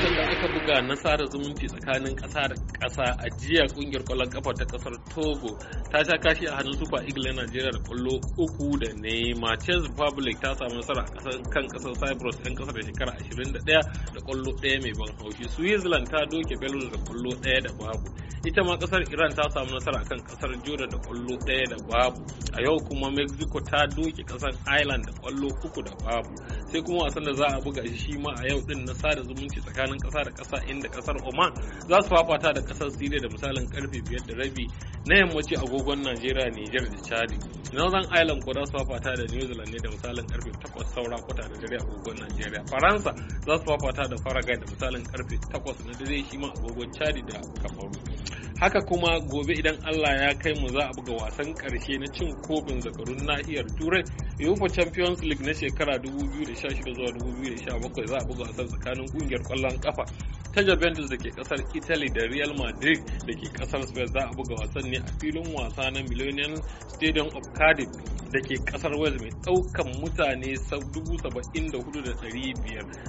lokacin da aka buga nasarar zumunci tsakanin ƙasa da ƙasa a jiya kungiyar kwallon kafa ta kasar Togo ta sha kashi a hannun Super Eagles na Najeriya da ƙwallo uku da ma chess Republic ta samu nasara a kan ƙasar Cyprus yan ƙasar da shekara 21 da ƙwallo ɗaya mai ban haushi. Switzerland ta doke Belarus da ƙwallo ɗaya da babu. Ita ma ƙasar Iran ta samu nasara a kan ƙasar Jordan da ƙwallo ɗaya da babu. A yau kuma Mexico ta doke ƙasar Ireland da ƙwallo uku da babu. sai kuma wasan da za a buga shi ma a yau din na sada zumunci tsakanin kasa da kasa inda kasar Oman za su fafata da kasar Syria da misalin karfe biyar da rabi na yammaci agogon Najeriya Niger da Chad Northern island ko za su fafata da New Zealand ne da misalin karfe 8 saura kwata da dare agogon Najeriya Faransa za su fafata da Faragai da misalin karfe 8 na dare shi ma agogon Chad da Kamaru haka kuma gobe idan allah ya kai mu za a buga wasan karshe na cin kofin zakarun nahiyar turai yufa champions league na shekara 2016 zuwa 2017 za a buga wasan tsakanin kungiyar kwallon kafa ta juventus da ke kasar italy da real madrid da ke kasar spain za a buga wasan ne a filin wasa na millennium stadium of cardiff da ke kasar wales mai daukan mutane 74,500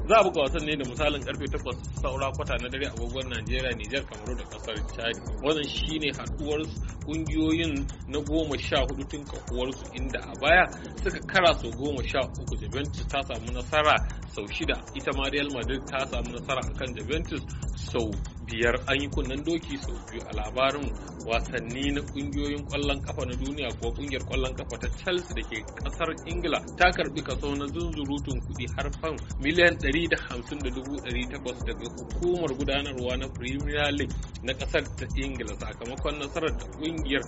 za a buga wasan ne da misalin karfe 8 saura kwata na dare agogon najeriya nijar kamaru da kasar chad wannan shine haduwar kungiyoyin na goma sha hudu tun kahuwarsu inda a baya suka kara sau goma sha uku juventus ta samu nasara sau shida ita ma real madrid ta samu nasara akan juventus sau biyar an yi kunnen doki sau biyu a labarin wasanni na kungiyoyin kwallon kafa na duniya ko kungiyar kwallon kafa ta chelsea da ke kasar ingila ta karbi kaso na zunzurutun kudi har fam miliyan 150,800 daga hukumar gudanarwa na premier league na kasar ta ingila sakamakon nasarar da kungiyar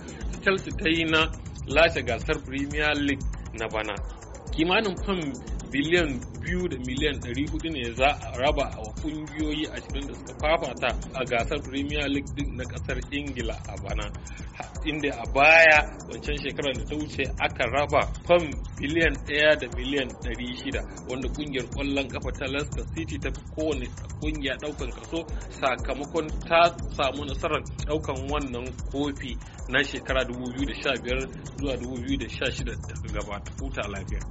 chelsea ta yi na lashe gasar premier league na bana kimanin fam biliyan biyu da miliyan ɗari hudu ne za a raba wa kungiyoyi ashirin da suka fafata a gasar premier league din na kasar ingila a bana inda a baya wancan shekarar da ta wuce aka raba fam biliyan ɗaya da miliyan ɗari shida wanda kungiyar kwallon kafa ta leicester city ta fi kowane kungiya ɗaukan kaso sakamakon ta samu nasarar ɗaukan wannan kofi na shekara 2015 zuwa 2016 da gabata huta lafiya.